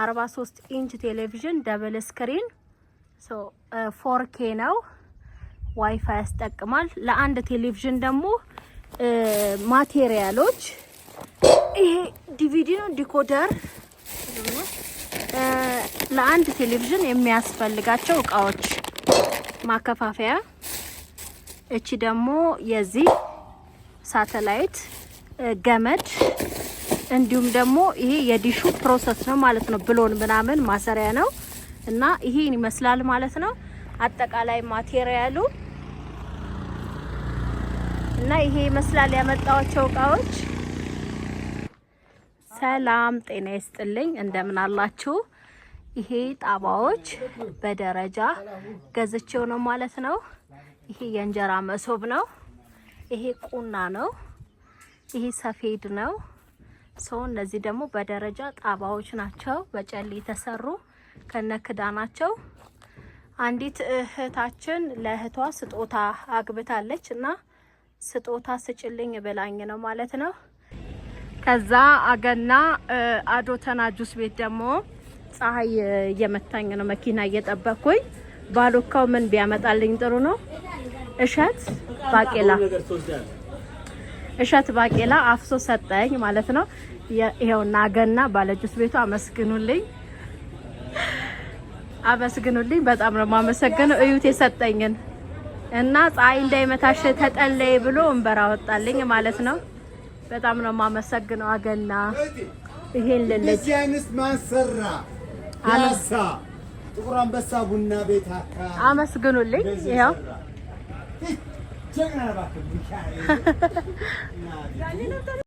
43 ኢንች ቴሌቪዥን ደብል ስክሪን ፎርኬ ነው። ዋይፋይ ያስጠቅማል። ለአንድ ቴሌቪዥን ደግሞ uh, ማቴሪያሎች ይሄ ዲቪዲ ነው፣ ዲኮደር uh, ለአንድ ቴሌቪዥን የሚያስፈልጋቸው እቃዎች ማከፋፈያ። እቺ ደግሞ የዚህ ሳተላይት uh, ገመድ እንዲሁም ደግሞ ይሄ የዲሹ ፕሮሰስ ነው ማለት ነው። ብሎን ምናምን ማሰሪያ ነው እና ይሄን ይመስላል ማለት ነው አጠቃላይ ማቴሪያሉ እና ይሄ ይመስላል ያመጣዋቸው እቃዎች። ሰላም ጤና ይስጥልኝ፣ እንደምን አላችሁ? ይሄ ጣባዎች በደረጃ ገዝቼው ነው ማለት ነው። ይሄ የእንጀራ መሶብ ነው። ይሄ ቁና ነው። ይሄ ሰፌድ ነው። ሰው እነዚህ ደግሞ በደረጃ ጣባዎች ናቸው፣ በጨሌ የተሰሩ ክዳናቸው። አንዲት እህታችን ለእህቷ ስጦታ አግብታለች እና ስጦታ ስጭልኝ ብላኝ ነው ማለት ነው። ከዛ አገና አዶተና ጁስ ቤት ደግሞ ፀሐይ እየመታኝ ነው፣ መኪና እየጠበቅኩኝ። ባሎካው ምን ቢያመጣልኝ ጥሩ ነው? እሸት ባቄላ እሸት ባቄላ አፍሶ ሰጠኝ ማለት ነው። ይሄውና ናገና ባለጁስ ቤቱ አመስግኑልኝ፣ አመስግኑልኝ። በጣም ነው የማመሰግነው። እዩት የሰጠኝን እና ፀሐይ እንዳይመታሽ ተጠለይ ብሎ እንበራ ወጣልኝ ማለት ነው። በጣም ነው የማመሰግነው። አገና ይሄን ለለጅ ያንስ ማሰራ ያሳ ጥቁር አንበሳ ቡና ቤት አካ አመስግኑልኝ። ይሄው जगणार बाकी